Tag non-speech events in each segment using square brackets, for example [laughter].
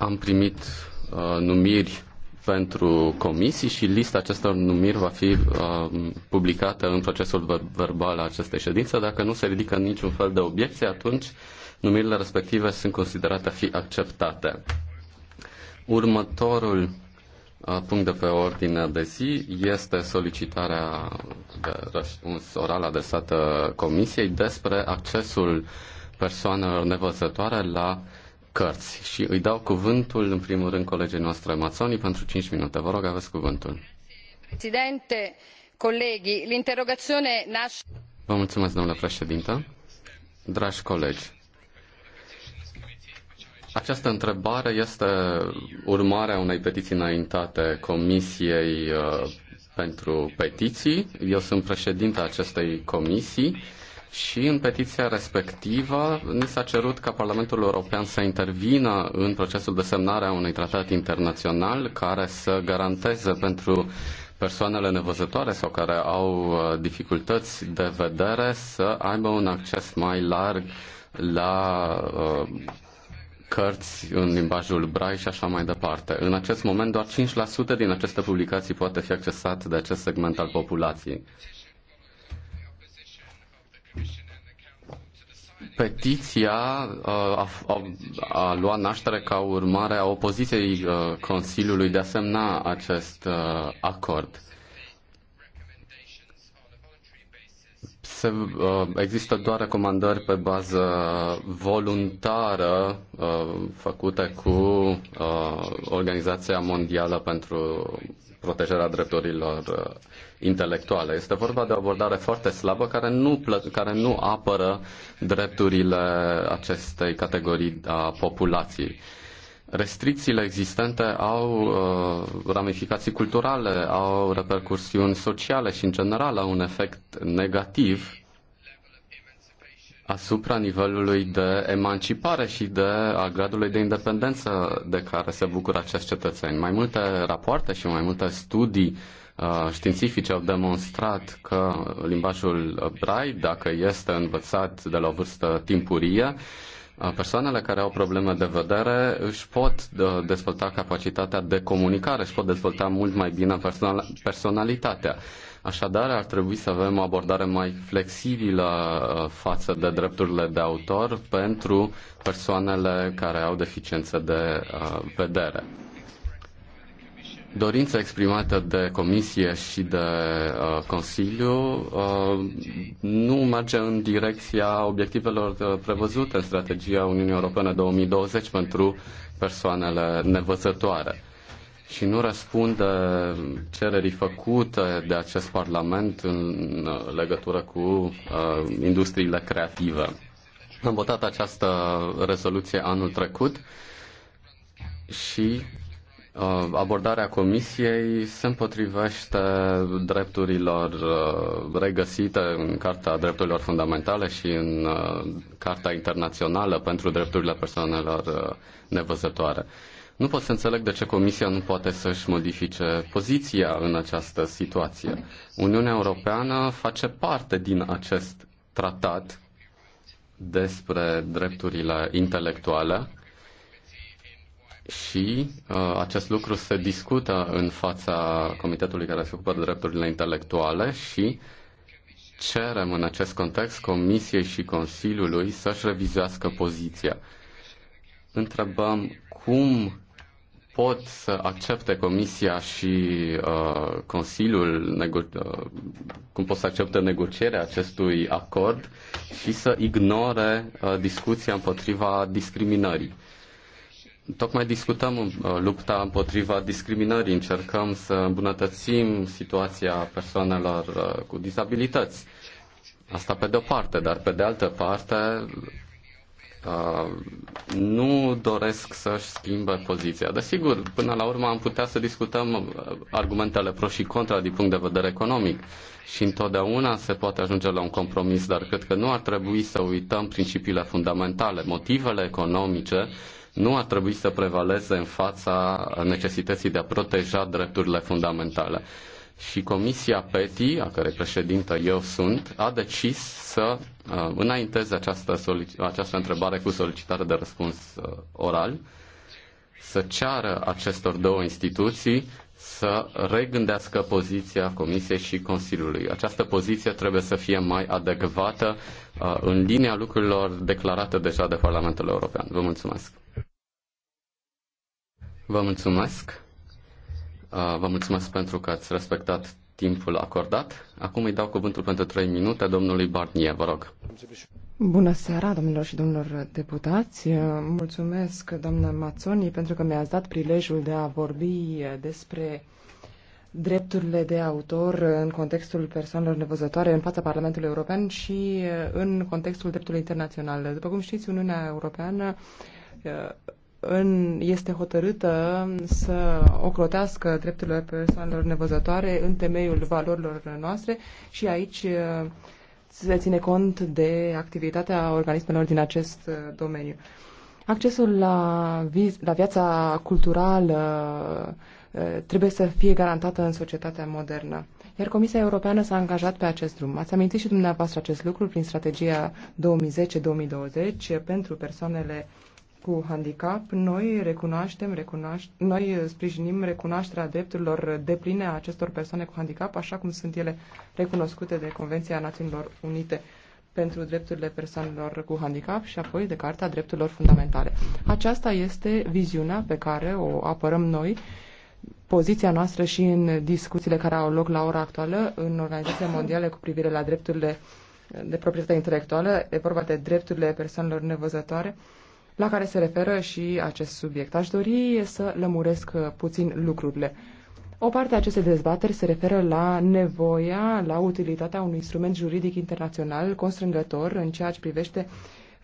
Am primit uh, numiri pentru comisii și lista acestor numiri va fi uh, publicată în procesul ver- verbal al acestei ședințe. Dacă nu se ridică niciun fel de obiecție, atunci numirile respective sunt considerate a fi acceptate. Următorul uh, punct de pe ordinea de zi este solicitarea de răspuns oral adresată Comisiei despre accesul persoanelor nevăzătoare la cărți. Și îi dau cuvântul, în primul rând, colegii noastre Mazzoni, pentru 5 minute. Vă rog, aveți cuvântul. Presidente, colegi, l'interrogazione nasce... Vă mulțumesc, domnule președinte. Dragi colegi, această întrebare este urmarea unei petiții înaintate Comisiei uh, pentru Petiții. Eu sunt președinte acestei comisii și în petiția respectivă ni s-a cerut ca Parlamentul European să intervină în procesul de semnare a unui tratat internațional care să garanteze pentru persoanele nevăzătoare sau care au uh, dificultăți de vedere să aibă un acces mai larg la uh, cărți în limbajul brai și așa mai departe. În acest moment doar 5% din aceste publicații poate fi accesat de acest segment al populației. Petiția uh, a, a, a luat naștere ca urmare a opoziției uh, Consiliului de a semna acest uh, acord. se, există doar recomandări pe bază voluntară făcute cu Organizația Mondială pentru protejarea drepturilor uh, intelectuale. Este vorba de o abordare foarte slabă care nu, care nu apără drepturile acestei categorii a populației. Restricțiile existente au uh, ramificații culturale, au repercursiuni sociale și, în general, au un efect negativ asupra nivelului de emancipare și de a gradului de independență de care se bucură acești cetățeni. Mai multe rapoarte și mai multe studii uh, științifice au demonstrat că limbajul braille, dacă este învățat de la o vârstă timpurie, uh, persoanele care au probleme de vedere își pot uh, dezvolta capacitatea de comunicare, își pot dezvolta mult mai bine personalitatea. Așadar, ar trebui să avem o abordare mai flexibilă uh, față de drepturile de autor pentru persoanele care au deficiențe de uh, vedere. Dorința exprimată de Comisie și de uh, Consiliu uh, nu merge în direcția obiectivelor uh, prevăzute în strategia Uniunii Europene 2020 pentru persoanele nevăzătoare și nu răspunde cererii făcute de acest Parlament în legătură cu uh, industriile creative. Am votat această rezoluție anul trecut și uh, abordarea Comisiei se împotrivește drepturilor uh, regăsite în Carta Drepturilor Fundamentale și în uh, Carta Internațională pentru Drepturile Persoanelor uh, Nevăzătoare. Uh, nu pot să înțeleg de ce Comisia nu poate să-și modifice poziția în această situație. Uniunea Europeană face parte din acest tratat despre drepturile intelectuale și uh, acest lucru se discută în fața comitetului care se ocupă de drepturile intelectuale și cerem în acest context Comisiei și Consiliului să-și revizuiască poziția. Întrebăm cum pot să accepte Comisia și uh, Consiliul, nego- uh, cum pot să accepte negocierea acestui acord și să ignore uh, discuția împotriva discriminării. Tocmai discutăm uh, lupta împotriva discriminării, încercăm să îmbunătățim situația persoanelor uh, cu dizabilități. Asta pe de-o parte, dar pe de altă parte Uh, nu doresc să-și schimbă poziția. Desigur, până la urmă am putea să discutăm uh, argumentele pro și contra din punct de vedere economic și întotdeauna se poate ajunge la un compromis, dar cred că nu ar trebui să uităm principiile fundamentale, motivele economice nu ar trebui să prevaleze în fața necesității de a proteja drepturile fundamentale. Și Comisia PETI, a cărei președintă eu sunt, a decis să Uh, înaintez această, această întrebare cu solicitare de răspuns uh, oral, să ceară acestor două instituții să regândească poziția Comisiei și Consiliului. Această poziție trebuie să fie mai adecvată uh, în linia lucrurilor declarate deja de Parlamentul European. Vă mulțumesc. Vă mulțumesc. Vă mulțumesc pentru că ați respectat timpul acordat. Acum îi dau cuvântul pentru 3 minute domnului Barnier, vă rog. Bună seara, domnilor și domnilor deputați. Mulțumesc, doamna Mazzoni, pentru că mi-ați dat prilejul de a vorbi despre drepturile de autor în contextul persoanelor nevăzătoare în fața Parlamentului European și în contextul dreptului internațional. După cum știți, Uniunea Europeană în, este hotărâtă să ocrotească drepturile persoanelor nevăzătoare în temeiul valorilor noastre și aici uh, se ține cont de activitatea organismelor din acest uh, domeniu. Accesul la, vi- la viața culturală uh, trebuie să fie garantată în societatea modernă. Iar Comisia Europeană s-a angajat pe acest drum. Ați amintit și dumneavoastră acest lucru prin strategia 2010-2020 pentru persoanele cu handicap, noi recunoaștem, recunoaște, noi sprijinim recunoașterea drepturilor depline a acestor persoane cu handicap, așa cum sunt ele recunoscute de Convenția Națiunilor Unite pentru drepturile persoanelor cu handicap și apoi de Carta Drepturilor Fundamentale. Aceasta este viziunea pe care o apărăm noi, poziția noastră și în discuțiile care au loc la ora actuală în Organizația Mondială cu privire la drepturile de proprietate intelectuală, e vorba de drepturile persoanelor nevăzătoare, uh, la care se referă și acest subiect. Aș dori să lămuresc puțin lucrurile. O parte a acestei dezbateri se referă la nevoia, la utilitatea unui instrument juridic internațional constrângător în ceea ce privește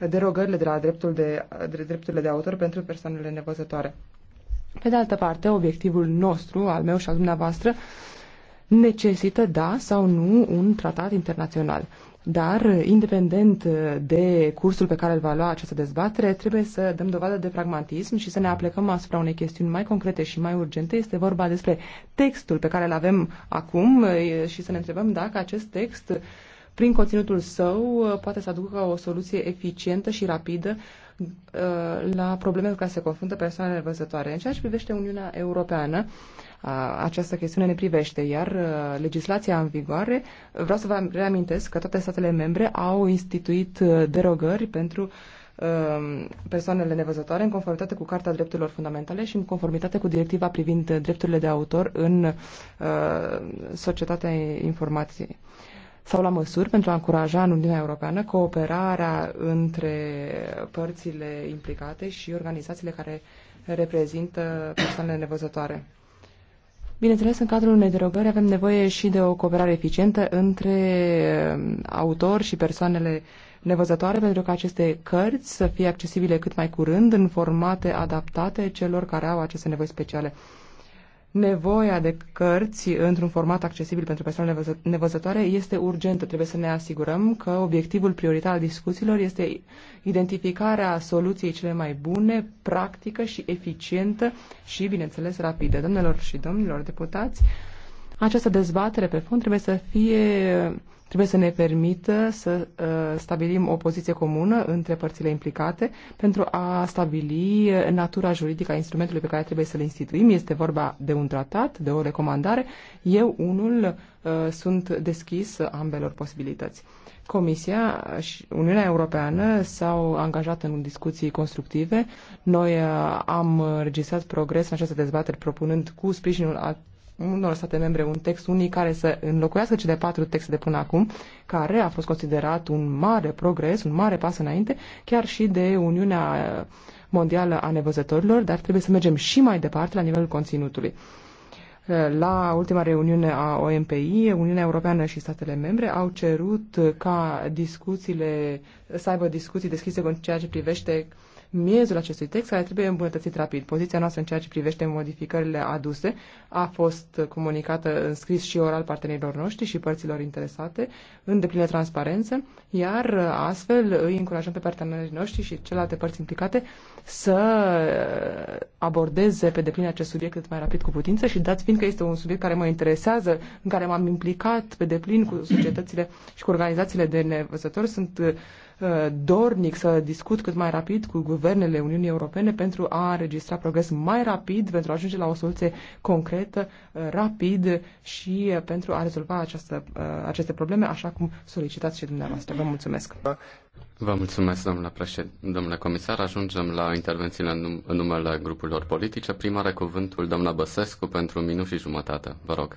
derogările de la dreptul de, de, drepturile de autor pentru persoanele nevăzătoare. Pe de altă parte, obiectivul nostru, al meu și al dumneavoastră, necesită, da sau nu, un tratat internațional. Dar, independent uh, de cursul pe care îl va lua această dezbatere, trebuie să dăm dovadă de pragmatism și să ne aplecăm asupra unei chestiuni mai concrete și mai urgente. Este vorba despre textul pe care îl avem acum uh, și să ne întrebăm dacă acest text, prin conținutul său, uh, poate să aducă o soluție eficientă și rapidă la problemele cu care se confruntă persoanele văzătoare. În ceea ce privește Uniunea Europeană, această chestiune ne privește, iar legislația în vigoare, vreau să vă reamintesc că toate statele membre au instituit derogări pentru persoanele nevăzătoare în conformitate cu Carta Drepturilor Fundamentale și în conformitate cu directiva privind drepturile de autor în societatea informației. Sau la măsuri pentru a încuraja în Uniunea Europeană cooperarea între părțile implicate și organizațiile care reprezintă persoanele nevăzătoare. Bineînțeles, în cadrul unei derogări avem nevoie și de o cooperare eficientă între um, autor și persoanele nevăzătoare pentru ca aceste cărți să fie accesibile cât mai curând în formate adaptate celor care au aceste nevoi speciale. Nevoia de cărți într-un format accesibil pentru persoanele nevăzătoare este urgentă. Trebuie să ne asigurăm că obiectivul prioritar al discuțiilor este identificarea soluției cele mai bune, practică și eficientă și, bineînțeles, rapidă. Domnilor și domnilor deputați, această dezbatere pe fond trebuie să fie trebuie să ne permită să uh, stabilim o poziție comună între părțile implicate pentru a stabili uh, natura juridică a instrumentului pe care trebuie să-l instituim. Este vorba de un tratat, de o recomandare. Eu, unul, uh, sunt deschis ambelor posibilități. Comisia și Uniunea Europeană s-au angajat în discuții constructive. Noi am registrat progres în această dezbatere propunând cu sprijinul unor state membre un text unic care să înlocuiască cele patru texte de până acum, care a fost considerat un mare progres, un mare pas înainte, chiar și de Uniunea Mondială a Nevăzătorilor, dar trebuie să mergem și mai departe la nivelul conținutului. La ultima reuniune a OMPI, Uniunea Europeană și statele membre au cerut ca discuțiile, să aibă discuții deschise în ceea ce privește uh, miezul acestui text care trebuie îmbunătățit rapid. Poziția noastră în ceea ce privește modificările aduse a fost comunicată în scris și oral partenerilor noștri și părților interesate în deplină transparență, iar astfel îi încurajăm pe partenerii noștri și celelalte părți implicate să uh, abordeze pe deplin acest subiect cât mai rapid cu putință și dați fiindcă este un subiect care mă interesează, în care m-am implicat pe deplin cu societățile și cu organizațiile de nevăzători, sunt uh, Uh, dornic să discut cât mai rapid cu guvernele Uniunii Europene pentru a înregistra progres mai rapid, pentru a ajunge la o soluție concretă, uh, rapid și uh, pentru a rezolva această, aceste probleme, așa cum solicitați și dumneavoastră. Vă mulțumesc! Vă mulțumesc, domnule, președ... domnule comisar. Ajungem la intervențiile în, numele grupurilor politice. Prima are cuvântul doamna Băsescu pentru un minut și jumătate. Vă rog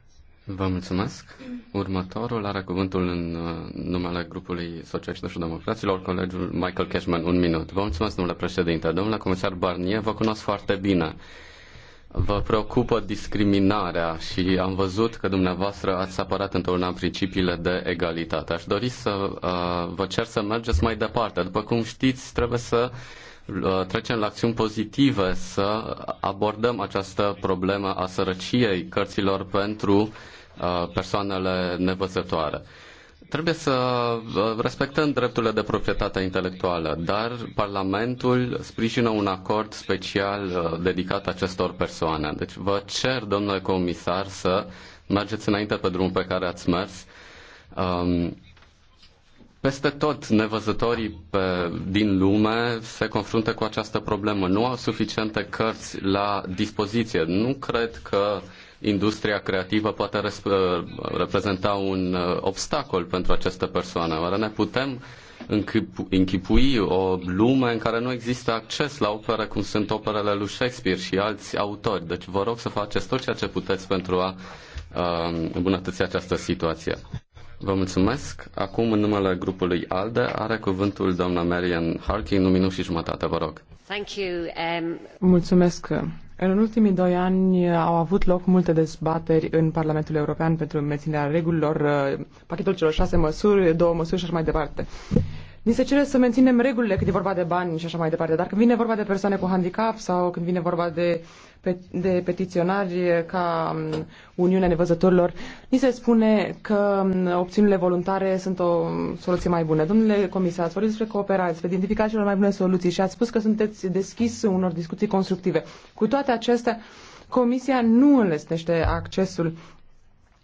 Vă mulțumesc. Următorul are cuvântul în uh, numele grupului Socialiștilor și Democraților, colegul Michael Cashman. Un minut. Vă mulțumesc, domnule președinte. Domnule comisar Barnier, vă cunosc foarte bine. Vă preocupă discriminarea și am văzut că dumneavoastră ați apărat întotdeauna principiile de egalitate. Aș dori să uh, vă cer să mergeți mai departe. După cum știți, trebuie să uh, Uh, trecem la acțiuni pozitive, să abordăm această problemă a sărăciei cărților pentru uh, persoanele nevăzătoare. Trebuie să uh, respectăm drepturile de proprietate intelectuală, dar Parlamentul sprijină un acord special dedicat acestor persoane. Deci vă cer, domnule comisar, să mergeți înainte pe drumul pe care ați mers. Um, peste tot, nevăzătorii pe, din lume se confruntă cu această problemă. Nu au suficiente cărți la dispoziție. Nu cred că industria creativă poate reprezenta un uh, obstacol pentru aceste persoane. Oare ne putem închipui o lume în care nu există acces la opere cum sunt operele lui Shakespeare și alți autori. Deci vă rog să faceți tot ceea ce puteți pentru a uh, îmbunătăți această situație. Vă mulțumesc. Acum, în numele grupului ALDE, are cuvântul doamna Marian Harkin, un minut și jumătate, vă rog. Thank you, um... Mulțumesc. În ultimii doi ani au avut loc multe dezbateri în Parlamentul European pentru menținerea regulilor, uh, pachetul celor șase măsuri, două măsuri și așa mai departe. Ni se cere să menținem regulile când e vorba de bani și așa mai departe, dar când vine vorba de persoane cu handicap sau când vine vorba de uh, de petiționari ca mm, Uniunea Nevăzătorilor, ni se spune că mm, opțiunile voluntare sunt o soluție mai bună. Domnule comisar, ați vorbit despre cooperare, despre identificarea celor mai bune soluții și ați spus că sunteți deschis unor discuții constructive. Cu toate acestea, Comisia nu înlesnește accesul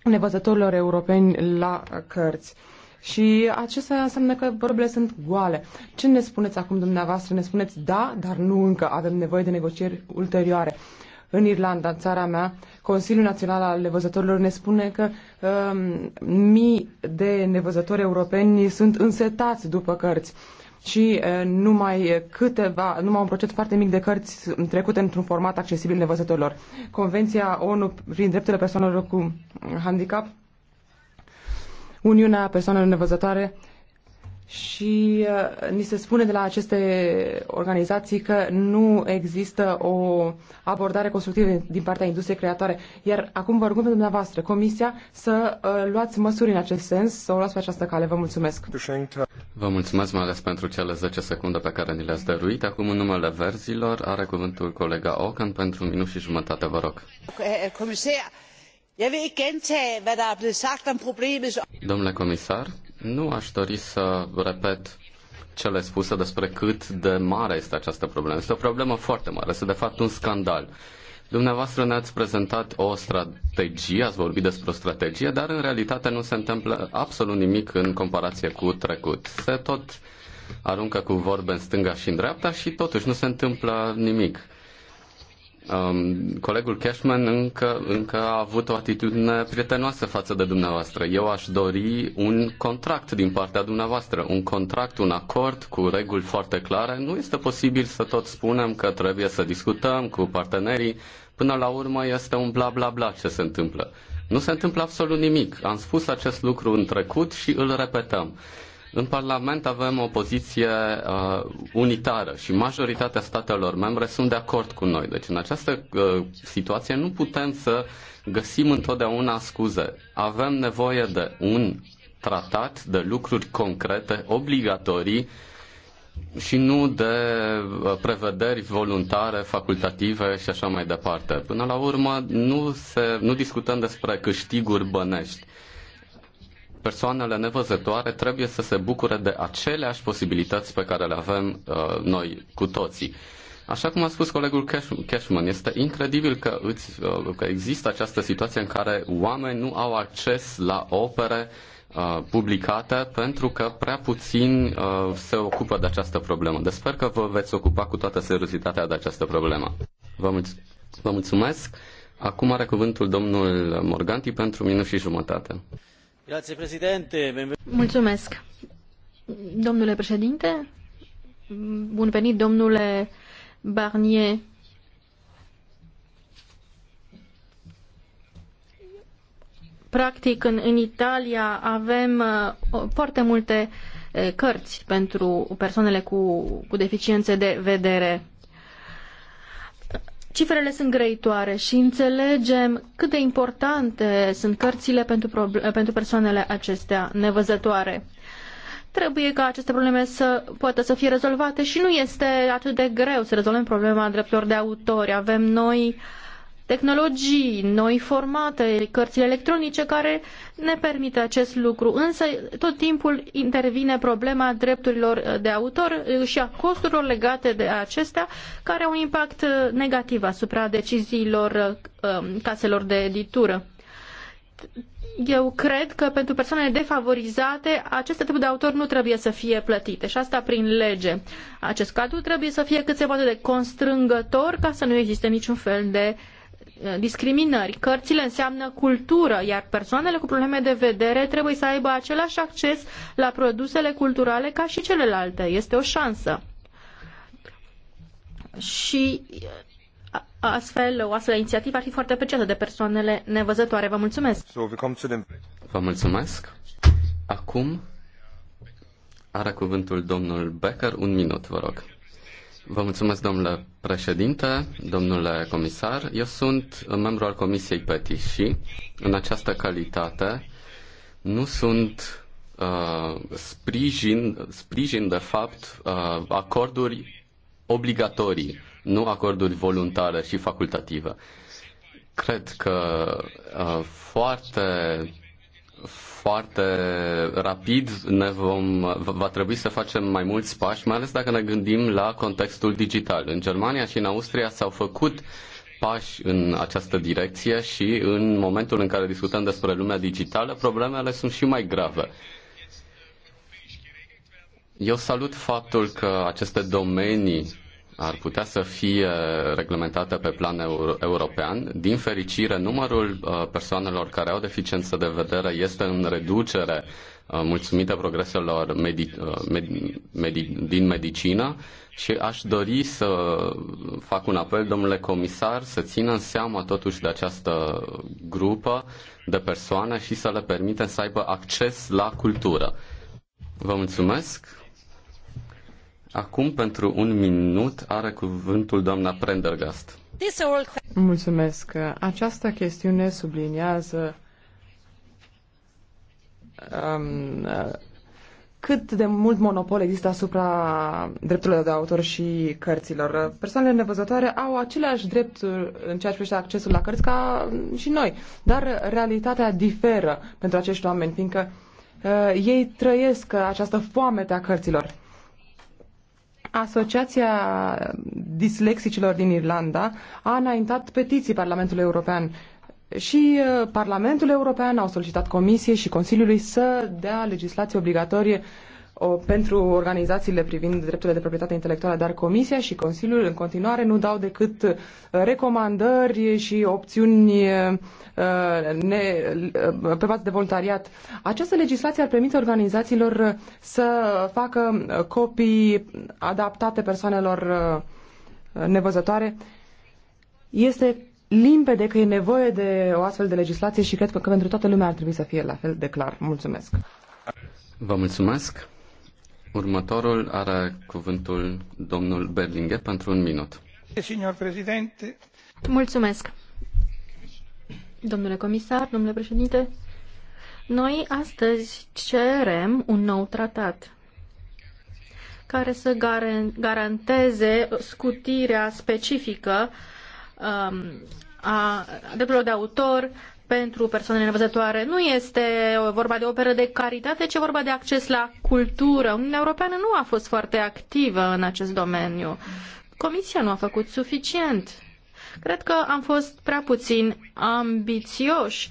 nevăzătorilor europeni la cărți. Și acesta înseamnă că vorbele sunt goale. Ce ne spuneți acum dumneavoastră? Ne spuneți da, dar nu încă. Avem nevoie de negocieri ulterioare în Irlanda, în țara mea, Consiliul Național al Nevăzătorilor ne spune că um, mii de nevăzători europeni sunt însetați după cărți și uh, numai câteva, numai un procent foarte mic de cărți trecute într-un format accesibil nevăzătorilor. Convenția ONU prin drepturile persoanelor cu handicap Uniunea Persoanelor Nevăzătoare și uh, ni se spune de la aceste organizații că nu există o abordare constructivă din partea industriei creatoare. Iar acum vă rugăm pe dumneavoastră, Comisia, să uh, luați măsuri în acest sens, să o luați pe această cale. Vă mulțumesc! Vă mulțumesc mai ales pentru cele 10 secunde pe care ni le-ați dăruit. Acum, în numele verzilor, are cuvântul colega Ocan pentru un minut și jumătate, vă rog. Eh, vă er Domnule comisar, nu aș dori să repet cele spuse despre cât de mare este această problemă. Este o problemă foarte mare, este de fapt un scandal. Dumneavoastră ne-ați prezentat o strategie, ați vorbit despre o strategie, dar în realitate nu se întâmplă absolut nimic în comparație cu trecut. Se tot aruncă cu vorbe în stânga și în dreapta și totuși nu se întâmplă nimic. Um, colegul Cashman încă, încă a avut o atitudine prietenoasă față de dumneavoastră. Eu aș dori un contract din partea dumneavoastră, un contract, un acord cu reguli foarte clare. Nu este posibil să tot spunem că trebuie să discutăm cu partenerii. Până la urmă este un bla bla bla ce se întâmplă. Nu se întâmplă absolut nimic. Am spus acest lucru în trecut și îl repetăm. În Parlament avem o poziție uh, unitară și majoritatea statelor membre sunt de acord cu noi. Deci în această uh, situație nu putem să găsim întotdeauna scuze. Avem nevoie de un tratat de lucruri concrete, obligatorii și nu de uh, prevederi voluntare, facultative și așa mai departe. Până la urmă, nu, se, nu discutăm despre câștiguri bănești persoanele nevăzătoare trebuie să se bucure de aceleași posibilități pe care le avem uh, noi cu toții. Așa cum a spus colegul Cashman, este incredibil că, îți, uh, că există această situație în care oameni nu au acces la opere uh, publicate pentru că prea puțin uh, se ocupă de această problemă. Deci sper că vă veți ocupa cu toată seriozitatea de această problemă. Vă, mulț- vă mulțumesc. Acum are cuvântul domnul Morganti pentru minut și jumătate. Mulțumesc. Domnule președinte, bun venit, domnule Barnier. Practic, în, în Italia avem uh, foarte multe uh, cărți pentru persoanele cu, cu deficiențe de vedere. Cifrele sunt greitoare și înțelegem cât de importante sunt cărțile pentru, pentru persoanele acestea nevăzătoare. Trebuie ca aceste probleme să poată să fie rezolvate și nu este atât de greu să rezolvăm problema drepturilor de autori. Avem noi uh, tehnologii, noi formate, cărțile electronice care ne permit acest lucru. Însă tot timpul intervine problema drepturilor de autor și a costurilor legate de acestea, care au un impact negativ asupra deciziilor um, caselor de editură. Eu cred că pentru persoanele defavorizate aceste tipuri de autor nu trebuie să fie plătite și asta prin lege. Acest cadru trebuie să fie cât se poate de constrângător ca să nu existe niciun fel de uh, Eh, discriminări. Cărțile înseamnă cultură, iar persoanele cu probleme de vedere trebuie să aibă același acces la produsele culturale ca și celelalte. Este o șansă. Și eh, astfel, o astfel de inițiativă ar fi foarte apreciată de persoanele nevăzătoare. Vă mulțumesc! Vă mulțumesc! Acum are cuvântul domnul Becker. Un minut, vă rog. Vă mulțumesc, domnule președinte, domnule comisar. Eu sunt membru al Comisiei PETI și, în această calitate, nu sunt uh, sprijin, sprijin, de fapt, uh, acorduri obligatorii, nu acorduri voluntare și facultative. Cred că uh, foarte foarte rapid, ne vom, va trebui să facem mai mulți pași, mai ales dacă ne gândim la contextul digital. În Germania și în Austria s-au făcut pași în această direcție și în momentul în care discutăm despre lumea digitală, problemele sunt și mai grave. Eu salut faptul că aceste domenii ar putea să fie uh, reglementată pe plan euro- european. Din fericire, numărul uh, persoanelor care au deficiență de vedere este în reducere uh, mulțumită progreselor medi- med- med- din medicină și aș dori să fac un apel, domnule comisar, să țină seamă totuși de această grupă de persoane și să le permitem să aibă acces la cultură. Vă mulțumesc! Acum, pentru un minut, are cuvântul doamna Prendergast. Mulțumesc. Această chestiune subliniază um, cât de mult monopol există asupra drepturilor de autor și cărților. Persoanele nevăzătoare au aceleași drepturi în ceea ce privește accesul la cărți ca și noi, dar realitatea diferă pentru acești oameni, fiindcă uh, ei trăiesc această foame a cărților. Asociația Dislexicilor din Irlanda a înaintat petiții Parlamentului European și uh, Parlamentul European au solicitat Comisiei și Consiliului să dea legislație obligatorie uh, pentru organizațiile privind drepturile de proprietate intelectuală, dar Comisia și Consiliul în continuare nu dau decât uh, recomandări și opțiuni uh, ne, uh, pe bază de voluntariat. Această legislație ar permite organizațiilor să facă copii adaptate persoanelor nevăzătoare. Este limpede că e nevoie de o astfel de legislație și cred că, că pentru toată lumea ar trebui să fie la fel de clar. Mulțumesc! Vă mulțumesc! Următorul are cuvântul domnul Berlinghe pentru un minut. Mulțumesc. Domnule comisar, domnule președinte, noi astăzi cerem un nou tratat care să garanteze scutirea specifică um, a drepturilor de autor pentru persoanele nevăzătoare. Nu este vorba de operă de caritate, ci vorba de acces la cultură. Uniunea Europeană nu a fost foarte activă în acest domeniu. Comisia nu a făcut suficient. Cred că am fost prea puțin ambițioși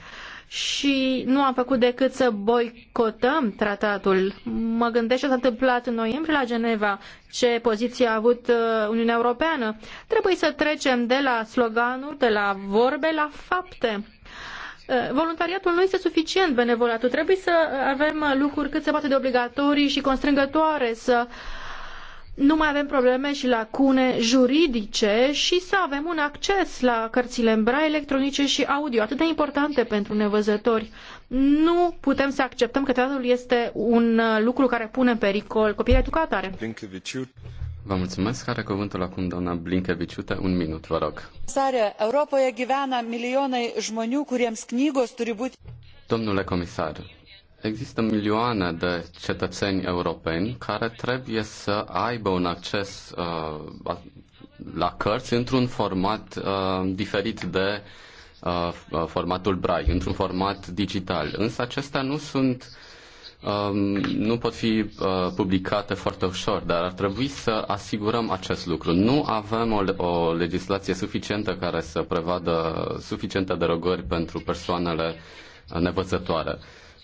și nu am făcut decât să boicotăm tratatul. Mă gândesc ce s-a întâmplat în noiembrie la Geneva, ce poziție a avut uh, Uniunea Europeană. Trebuie să trecem de la sloganuri, de la vorbe, la fapte. Eh, voluntariatul nu este suficient, benevolatul. Trebuie să avem lucruri cât se poate de obligatorii și constrângătoare, să nu mai avem probleme și lacune juridice și să avem un acces la cărțile în braille, electronice și audio, atât de importante pentru nevăzători. Nu putem să acceptăm că teatrul este un lucru care pune în pericol copiii educatare. Vă mulțumesc. Are cuvântul acum doamna Blinkevičiūtė. Un minut, vă rog. Sare, Europoje gyvena milijonai žmonių, kuriems knygos turi būti... Domnule comisar, există milioane de cetățeni europeni care trebuie să aibă un acces uh, la cărți într-un format uh, diferit de uh, uh, formatul Braille, într-un format digital. Însă acestea nu sunt Um, nu pot fi uh, publicate foarte ușor, dar ar trebui să asigurăm acest lucru. Nu avem o, o legislație suficientă care să prevadă suficiente derogări pentru persoanele nevățătoare.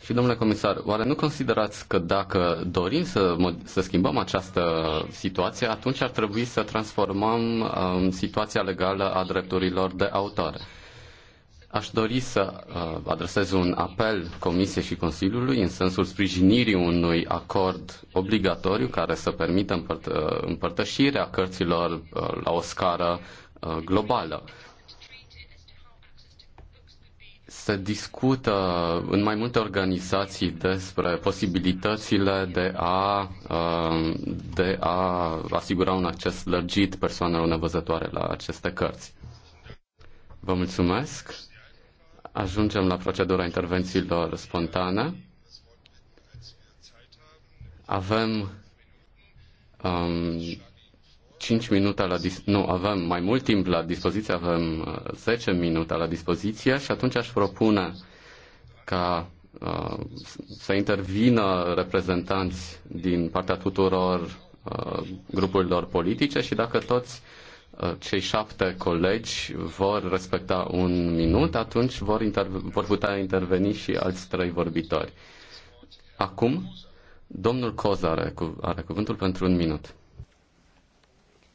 Și, domnule comisar, oare nu considerați că dacă dorim să, să schimbăm această situație, atunci ar trebui să transformăm um, situația legală a drepturilor de autor? Aș dori să uh, adresez un apel Comisiei și Consiliului în sensul sprijinirii unui acord obligatoriu care să permită împărt- uh, împărtășirea cărților uh, la o scară globală. Se discută în mai multe organizații despre posibilitățile de a, de a asigura un acces lărgit persoanelor nevăzătoare la aceste cărți. Vă mulțumesc! ajungem la procedura intervențiilor spontane. Avem um, 5 minute la dis- nu, avem mai mult timp la dispoziție, avem 10 uh, minute la dispoziție și atunci aș propune ca uh, să intervină reprezentanți din partea tuturor uh, grupurilor politice și dacă toți Uh, cei șapte colegi vor respecta un minut, atunci vor, vor putea interveni și alți trei vorbitori. Acum, domnul Coz are, cu- are cuvântul pentru un minut.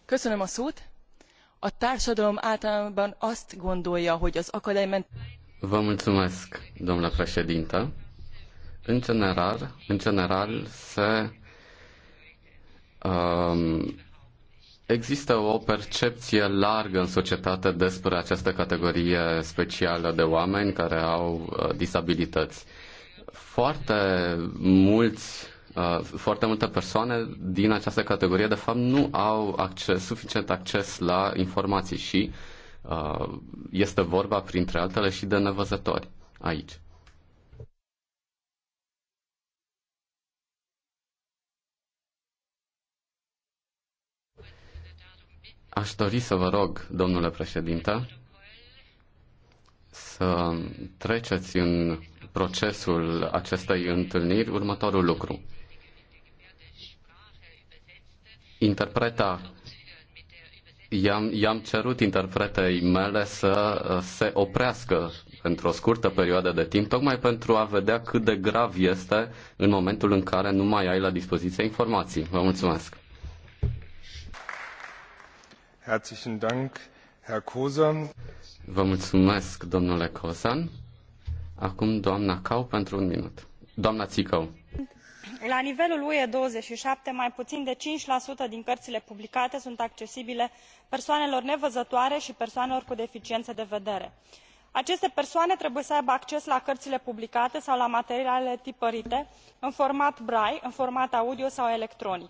Köszönöm a szót. A társadalom általában azt gondolja, hogy az akadályment... Vă mulțumesc, domnule președinte. În general, în general se um, Există o percepție largă în societate despre această categorie specială de oameni care au uh, disabilități. Foarte mulți uh, foarte multe persoane din această categorie de fapt nu au acces, suficient acces la informații și uh, este vorba printre altele și de nevăzători aici. Aș dori să vă rog, domnule președinte, să treceți în procesul acestei întâlniri următorul lucru. Interpreta I-am, i-am cerut interpretei mele să uh, se oprească pentru o scurtă perioadă de timp, tocmai pentru a vedea cât de grav este în momentul în care nu mai ai la dispoziție informații. Vă mulțumesc! Herzlichen Dank, Herr Kosan. Vă mulțumesc, domnule Kosan. Acum doamna Cau pentru un minut. Doamna Țicău. La nivelul UE 27, mai puțin de 5% din cărțile publicate sunt accesibile persoanelor nevăzătoare și persoanelor cu deficiențe de vedere aceste persoane trebuie să aibă acces la cările publicate sau la materialele tipărite în format braille în format audio sau electronic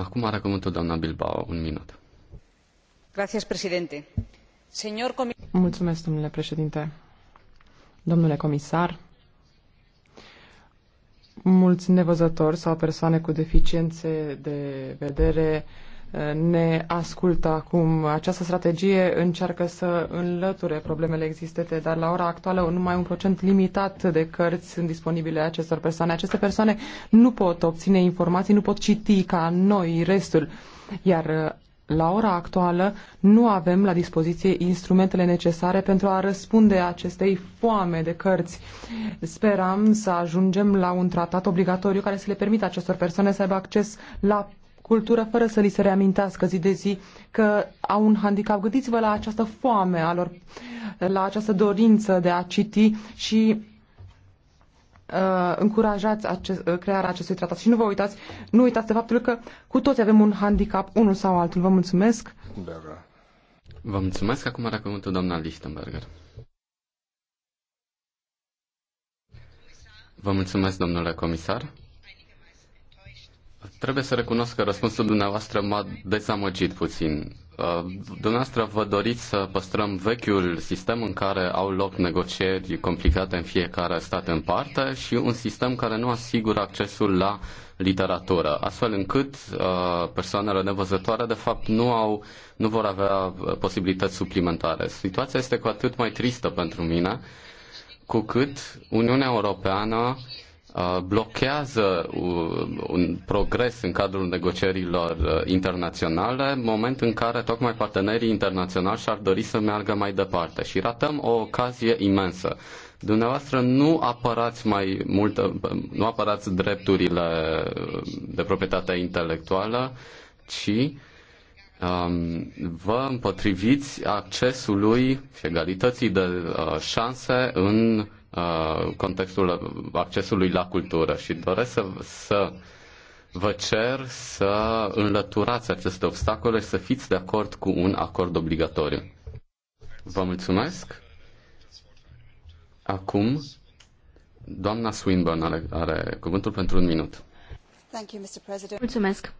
Acum are cuvântul doamna Bilbao, un minut. Señor comis- Mulțumesc, domnule președinte. Domnule comisar, mulți nevăzători sau persoane cu deficiențe de vedere ne ascultă acum. Această strategie încearcă să înlăture problemele existente, dar la ora actuală numai un procent limitat de cărți sunt disponibile acestor persoane. Aceste persoane nu pot obține informații, nu pot citi ca noi restul, iar uh, la ora actuală nu avem la dispoziție instrumentele necesare pentru a răspunde acestei foame de cărți. Speram să ajungem la un tratat obligatoriu care să le permită acestor persoane să aibă acces la cultură fără să li se reamintească zi de zi că au un handicap. Gândiți-vă la această foame a lor, la această dorință de a citi și uh, încurajați acest, uh, crearea acestui tratat. Și nu vă uitați, nu uitați de faptul că cu toți avem un handicap, unul sau altul. Vă mulțumesc! Vă mulțumesc. Acum are cuvântul doamna Lichtenberger. Vă mulțumesc, domnule comisar. Trebuie să recunosc că răspunsul dumneavoastră m-a dezamăgit puțin. Uh, dumneavoastră vă doriți să păstrăm vechiul sistem în care au loc negocieri complicate în fiecare stat în parte și un sistem care nu asigură accesul la literatură, astfel încât uh, persoanele nevăzătoare de fapt nu, au, nu vor avea uh, posibilități suplimentare. Situația este cu atât mai tristă pentru mine cu cât Uniunea Europeană Uh, blochează uh, un progres în cadrul negocierilor uh, internaționale, moment în care tocmai partenerii internaționali și-ar dori să meargă mai departe. Și ratăm o ocazie imensă. Dumneavoastră nu apărați mai mult, nu apărați drepturile de proprietate intelectuală, ci um, vă împotriviți accesului și egalității de uh, șanse în Uh, contextul accesului la cultură și doresc să, să vă cer să înlăturați aceste obstacole și să fiți de acord cu un acord obligatoriu. Vă mulțumesc. Acum, doamna Swinburne are, are cuvântul pentru un minut. Mulțumesc.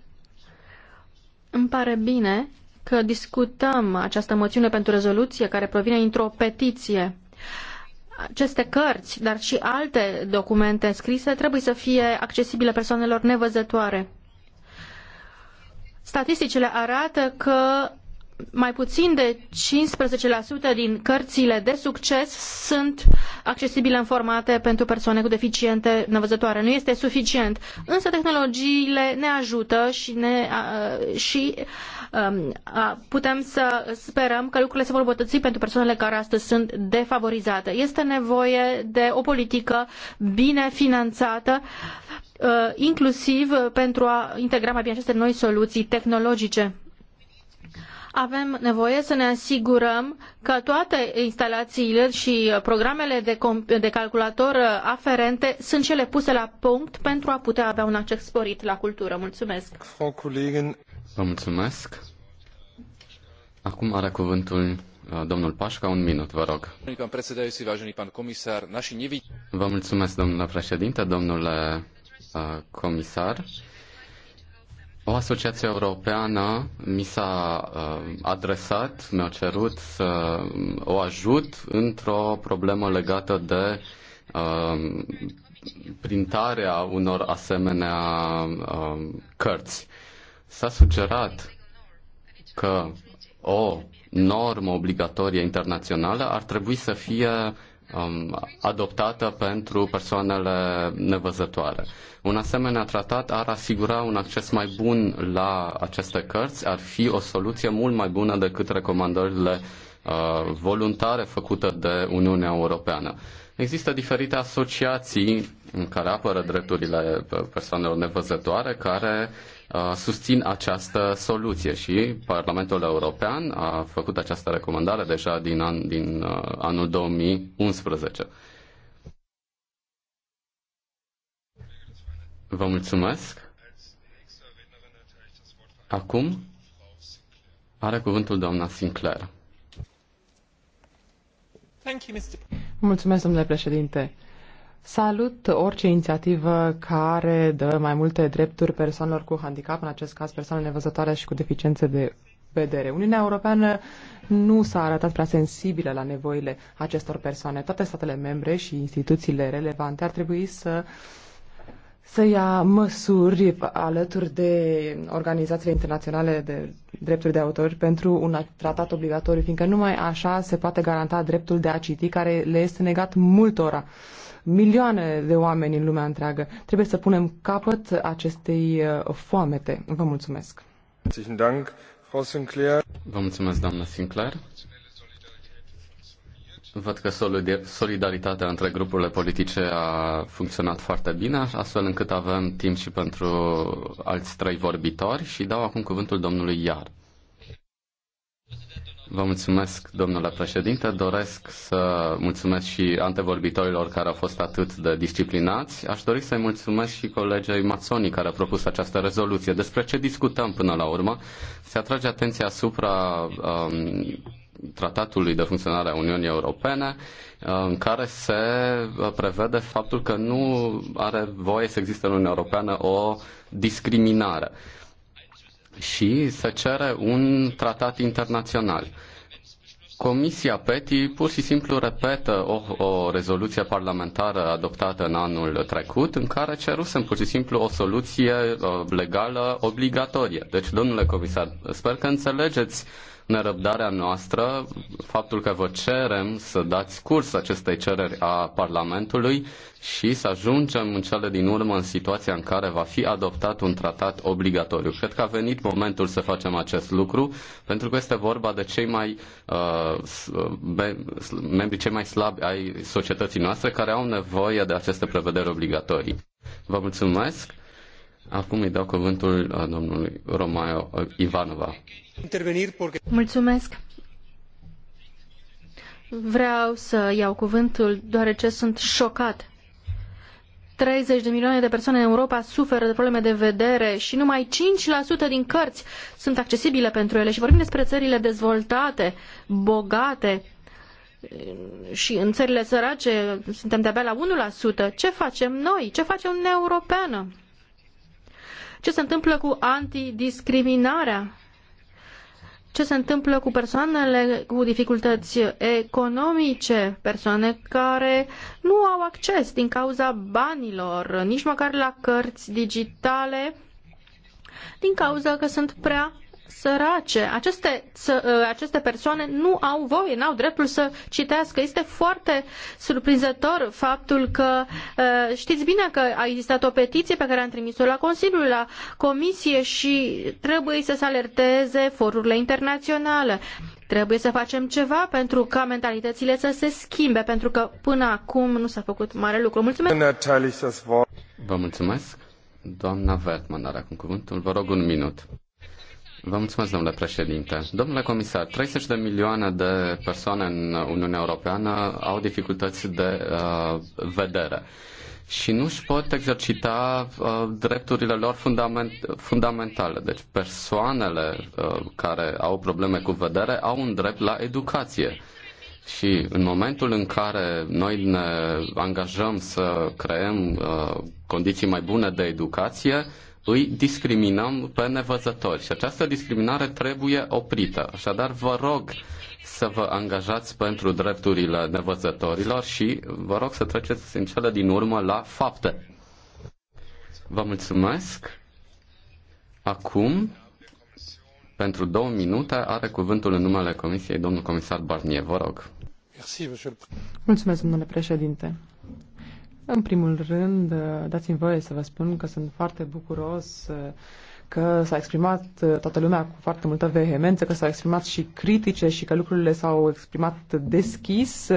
Îmi pare bine că discutăm această moțiune pentru rezoluție care provine dintr-o petiție. Uh, aceste cărți, dar și alte documente scrise, trebuie să fie accesibile persoanelor nevăzătoare. Statisticile arată că mai puțin de 15% din cărțile de succes sunt accesibile în formate pentru persoane cu deficiente nevăzătoare. Nu este suficient. Însă tehnologiile ne ajută și, ne, și Um, putem să sperăm că lucrurile se vor îmbunătăți pentru persoanele care astăzi sunt defavorizate. Este nevoie de o politică bine finanțată, uh, inclusiv pentru a integra mai bine aceste noi soluții tehnologice avem nevoie să ne asigurăm că toate instalațiile și programele de, de calculator aferente sunt cele puse la punct pentru a putea avea un acces sporit la cultură. Mulțumesc! Vă mulțumesc! Acum are cuvântul uh, domnul Pașca, un minut, vă rog. Vă mulțumesc, domnule președinte, domnule uh, comisar. O asociație europeană mi s-a uh, adresat, mi-a cerut să um, o ajut într-o problemă legată de uh, printarea unor asemenea uh, cărți. S-a sugerat că o normă obligatorie internațională ar trebui să fie um, adoptată pentru persoanele nevăzătoare. Un asemenea tratat ar asigura un acces mai bun la aceste cărți, ar fi o soluție mult mai bună decât recomandările uh, voluntare făcute de Uniunea Europeană. Există diferite asociații care apără drepturile persoanelor nevăzătoare, care Uh, susțin această soluție și Parlamentul European a făcut această recomandare deja din, an, din uh, anul 2011. Vă mulțumesc. Acum are cuvântul doamna Sinclair. Mulțumesc, domnule președinte. Salut orice inițiativă care dă mai multe drepturi persoanelor cu handicap, în acest caz persoane nevăzătoare și cu deficiențe de vedere. Uniunea Europeană nu s-a arătat prea sensibilă la nevoile acestor persoane. Toate statele membre și instituțiile relevante ar trebui să să ia măsuri alături de organizațiile internaționale de drepturi de autor pentru un tratat obligatoriu, fiindcă numai așa se poate garanta dreptul de a citi, care le este negat multora. Uh, milioane de oameni în lumea întreagă. Trebuie să punem capăt acestei uh, foamete. Vă mulțumesc. Vă mulțumesc, doamnă Sinclair. Văd că solidaritatea între grupurile politice a funcționat foarte bine, astfel încât avem timp și pentru alți trei vorbitori și dau acum cuvântul domnului Iard. Vă mulțumesc, domnule președinte. Doresc să mulțumesc și antevorbitorilor care au fost atât de disciplinați. Aș dori să-i mulțumesc și colegei Mazzoni care a propus această rezoluție. Despre ce discutăm până la urmă? Se atrage atenția asupra um, tratatului de funcționare a Uniunii Europene, în um, care se uh, prevede faptul că nu are voie să existe în Uniunea Europeană o discriminare și se cere un tratat internațional. Comisia PETI pur și simplu repetă o, o rezoluție parlamentară adoptată în anul trecut în care cerusem pur și simplu o soluție uh, legală obligatorie. Deci, domnule comisar, sper că înțelegeți uh, nerăbdarea noastră, faptul că vă cerem să dați curs acestei cereri a Parlamentului și să ajungem în cele din urmă în situația în care va fi adoptat un tratat obligatoriu. Cred că a venit momentul să facem acest lucru, pentru că este vorba de cei mai uh, membrii cei mai slabi ai societății noastre care au nevoie de aceste prevederi obligatorii. Vă mulțumesc. Acum îi dau cuvântul uh, domnului Romaio Ivanova. Mulțumesc. Vreau să iau cuvântul deoarece sunt șocat. 30 de milioane de persoane în Europa suferă de probleme de vedere și numai 5% din cărți sunt accesibile pentru ele. Și vorbim despre țările dezvoltate, bogate și în țările sărace suntem de-abia la 1%. Ce facem noi? Ce face Uniunea Europeană? Ce se întâmplă cu antidiscriminarea? Ce se întâmplă cu persoanele cu dificultăți economice, persoane care nu au acces din cauza banilor, nici măcar la cărți digitale, din cauza că sunt prea sărace. Aceste, ă, aceste persoane nu au voie, nu au dreptul să citească. Este foarte surprinzător faptul că ă, știți bine că a existat o petiție pe care am trimis-o la Consiliul, la Comisie și trebuie să se alerteze forurile internaționale. Trebuie să facem ceva pentru ca mentalitățile să se schimbe, pentru că până acum nu s-a făcut mare lucru. Mulțumesc! Vă mulțumesc! Doamna Vertman are acum cuvântul. Vă rog un minut. Vă mulțumesc, domnule președinte. Domnule comisar, 30 de milioane de persoane în Uniunea Europeană au dificultăți de uh, vedere și nu își pot exercita uh, drepturile lor fundament, fundamentale. Deci persoanele uh, care au probleme cu vedere au un drept la educație. Și în momentul în care noi ne angajăm să creăm uh, condiții mai bune de educație, îi discriminăm pe nevăzători și această discriminare trebuie oprită. Așadar, vă rog să vă angajați pentru drepturile nevăzătorilor și vă rog să treceți în cele din urmă la fapte. Vă mulțumesc. Acum, pentru două minute, are cuvântul în numele Comisiei domnul comisar Barnier. Vă rog. Mulțumesc, domnule președinte. În primul rând, dați-mi voie să vă spun că sunt foarte bucuros uh, că s-a exprimat uh, toată lumea cu foarte multă vehemență, că s-au exprimat și critice și că lucrurile s-au exprimat deschis.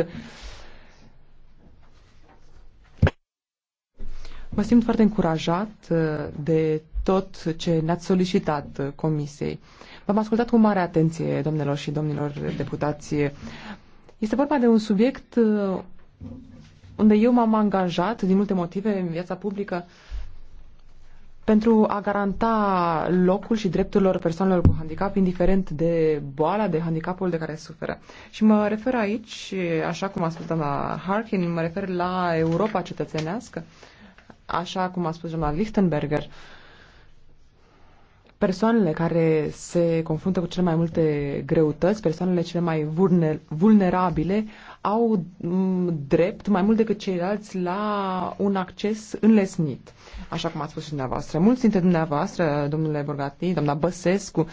Mă simt foarte încurajat uh, de tot ce ne-ați solicitat comisiei. V-am ascultat cu mare atenție, domnilor și domnilor deputați. Este vorba de un subiect unde eu m-am angajat, din multe motive, în viața publică, pentru a garanta locul și drepturilor persoanelor cu handicap, indiferent de boala, de handicapul de care suferă. Și mă refer aici, așa cum a spus doamna Harkin, mă refer la Europa cetățenească, așa cum a spus doamna Lichtenberger, uh, persoanele care se confruntă cu cele mai multe greutăți, persoanele cele mai vulnerabile, au mm, drept mai mult decât ceilalți la un acces înlesnit. Așa cum ați spus și dumneavoastră. Mulți dintre dumneavoastră, domnule Borgati, doamna Băsescu,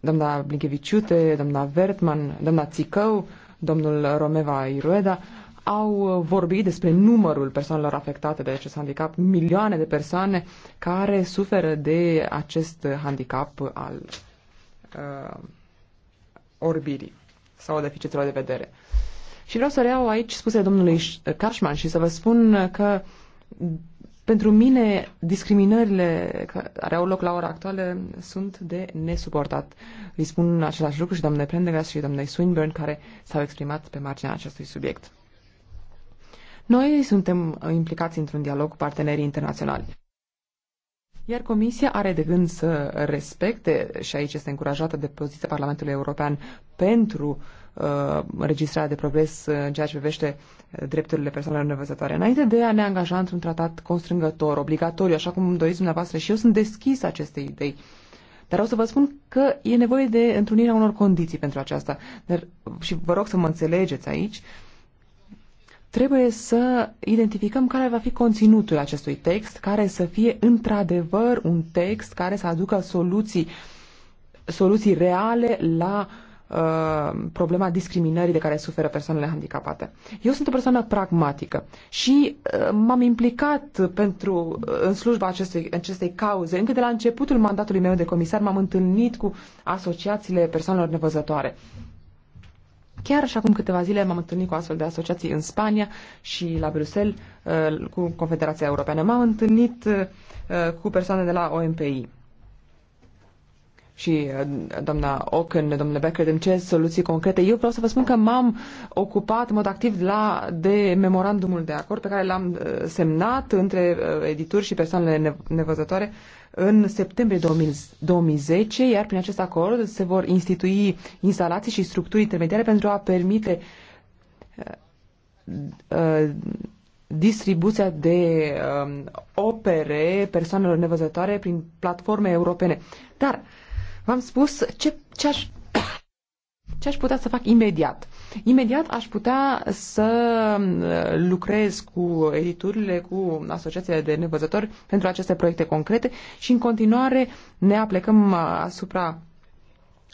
doamna Blinkeviciute, doamna Vertman, doamna Țicău, domnul Romeva Irueda, au uh, vorbit despre numărul persoanelor afectate de acest handicap, milioane de persoane care suferă de acest handicap al uh, orbirii sau deficitelor de vedere. Și vreau să reau aici spuse domnului Cashman și să vă spun că pentru mine discriminările care au loc la ora actuală sunt de nesuportat. Îi spun același lucru și doamnei Prendegas și doamnei Swinburne care s-au exprimat pe marginea acestui subiect. Noi suntem uh, implicați într-un dialog cu partenerii internaționali. Iar Comisia are de gând să respecte, și aici este încurajată de poziția Parlamentului European pentru uh, registrarea de progres uh, în ceea ce privește uh, drepturile persoanelor nevăzătoare. Înainte de a ne angaja într-un tratat constrângător, obligatoriu, așa cum doriți dumneavoastră, și eu sunt deschis acestei idei. Dar o să vă spun că e nevoie de întrunirea unor condiții pentru aceasta. Dar, și vă rog să mă înțelegeți aici, uh, Trebuie să identificăm care va fi conținutul acestui text, care să fie într-adevăr un text care să aducă soluții, soluții reale la uh, problema discriminării de care suferă persoanele handicapate. Eu sunt o persoană pragmatică și uh, m-am implicat pentru, uh, în slujba acestui, acestei cauze. Încă de la începutul mandatului meu de comisar m-am întâlnit cu asociațiile persoanelor nevăzătoare. Chiar și acum câteva zile m-am întâlnit cu astfel de asociații în Spania și la Bruxelles uh, cu Confederația Europeană. M-am întâlnit uh, cu persoane de la OMPI și uh, doamna Ocken, domnule Becker, de ce soluții concrete. Eu vreau să vă spun că m-am ocupat în mod activ la, de memorandumul de acord pe care l-am uh, semnat între uh, edituri și persoanele nevăzătoare în septembrie 2010, iar prin acest acord se vor institui instalații și structuri intermediare pentru a permite distribuția de um, opere persoanelor nevăzătoare prin platforme europene. Dar v-am spus ce, ce aș [coughs] ce aș putea să fac imediat? Imediat aș putea să mm, lucrez cu editurile, cu asociațiile de nevăzători pentru aceste proiecte concrete și în continuare ne aplecăm uh, asupra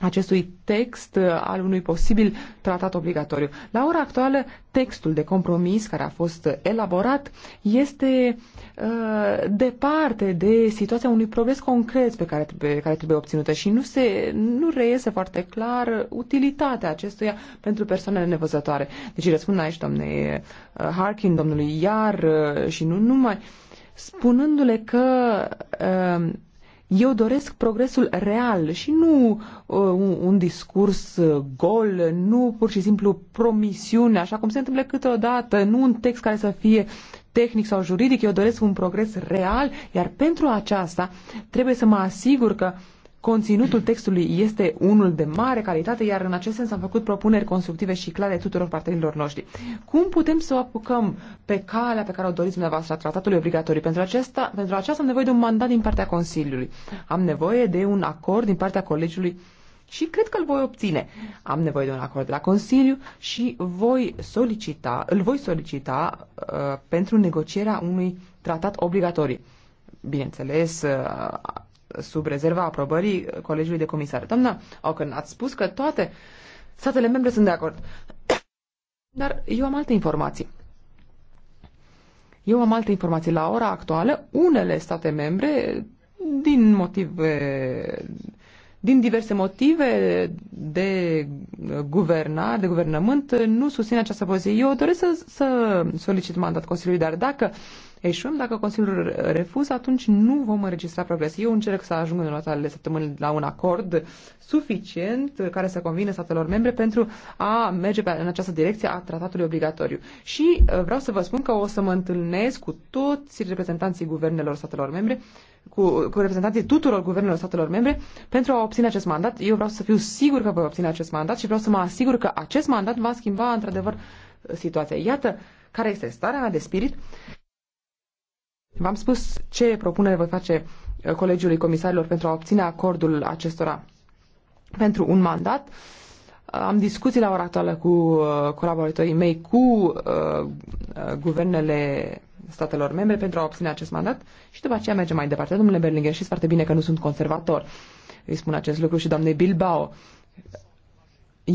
acestui text uh, al unui posibil tratat obligatoriu. La ora actuală, textul de compromis care a fost elaborat este uh, departe de situația unui progres concret pe care trebuie, care trebuie obținută și nu, se, nu reiese foarte clar utilitatea acestuia pentru persoanele nevăzătoare. Deci răspund aici, domnule uh, Harkin, domnului Iar uh, și nu numai, spunându-le că uh, eu doresc progresul real și nu uh, un, un discurs uh, gol, nu pur și simplu promisiune, așa cum se întâmplă câteodată, nu un text care să fie tehnic sau juridic, eu doresc un progres real, iar pentru aceasta trebuie să mă asigur că uh, Conținutul textului este unul de mare calitate, iar în acest sens am făcut propuneri constructive și clare tuturor partenerilor noștri. Cum putem să o apucăm pe calea pe care o doriți dumneavoastră a tratatului obligatoriu? Pentru, acesta, pentru aceasta am nevoie de un mandat din partea Consiliului. Am nevoie de un acord din partea Colegiului și cred că îl voi obține. Am nevoie de un acord de la Consiliu și voi solicita, îl voi solicita uh, pentru negocierea unui tratat obligatoriu. Bineînțeles, uh, sub rezerva aprobării Colegiului de Comisar. Doamna Auken, ați spus că toate statele membre sunt de acord. [coughs] Dar eu am alte informații. Eu am alte informații. La ora actuală, unele state membre, din motive din diverse motive de guvernare, de guvernământ, nu susțin această poziție. Eu doresc să, să solicit mandat Consiliului, dar dacă uh, eșuăm. Dacă Consiliul refuză, atunci nu vom înregistra progres. Eu încerc să ajung în următoarele săptămâni la un acord suficient care să convine statelor membre pentru a merge pe, în această direcție a tratatului obligatoriu. Și uh, vreau să vă spun că o să mă întâlnesc cu toți reprezentanții guvernelor statelor membre cu, cu reprezentanții tuturor guvernelor statelor membre pentru a obține acest mandat. Eu vreau să fiu sigur că voi obține acest mandat și vreau să mă asigur că acest mandat va schimba într-adevăr situația. Iată care este starea mea de spirit V-am spus ce propunere voi face uh, Colegiului Comisarilor pentru a obține acordul acestora pentru un mandat. Uh, am discuții la ora actuală cu uh, colaboratorii mei, cu uh, guvernele statelor membre pentru a obține acest mandat și după aceea mergem mai departe. Domnule Berlinger, știți foarte bine că nu sunt conservator. Îi spun acest lucru și doamnei Bilbao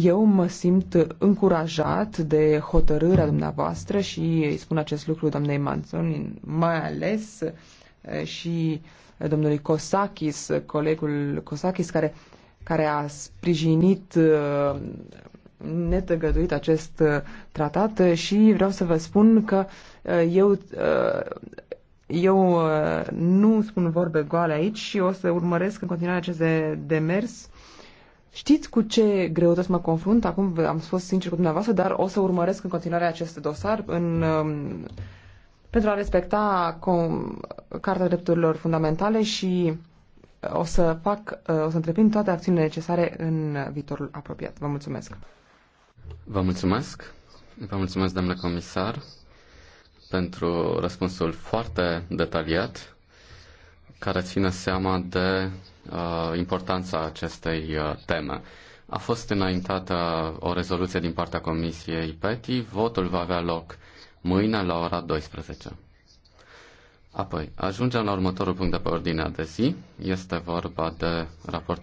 eu mă simt încurajat de hotărârea dumneavoastră și îi spun acest lucru doamnei Manson, mai ales eh, și domnului Kosakis, colegul Kosakis, care, care a sprijinit eh, netăgăduit acest eh, tratat și vreau să vă spun că eu, eu nu spun vorbe goale aici și o să urmăresc în continuare acest demers Știți cu ce greutăți mă confrunt? Acum am fost sincer cu dumneavoastră, dar o să urmăresc în continuare acest dosar în, um, pentru a respecta com, Carta Drepturilor Fundamentale și uh, o să fac, uh, o să întreprind toate acțiunile necesare în viitorul apropiat. Vă mulțumesc! Vă mulțumesc! Vă mulțumesc, doamnă comisar, pentru răspunsul foarte detaliat care ține seama de uh, importanța acestei uh, teme. A fost înaintată o rezoluție din partea Comisiei PETI. Votul va avea loc mâine la ora 12. Apoi, ajungem la următorul punct de pe ordinea de zi. Este vorba de raportul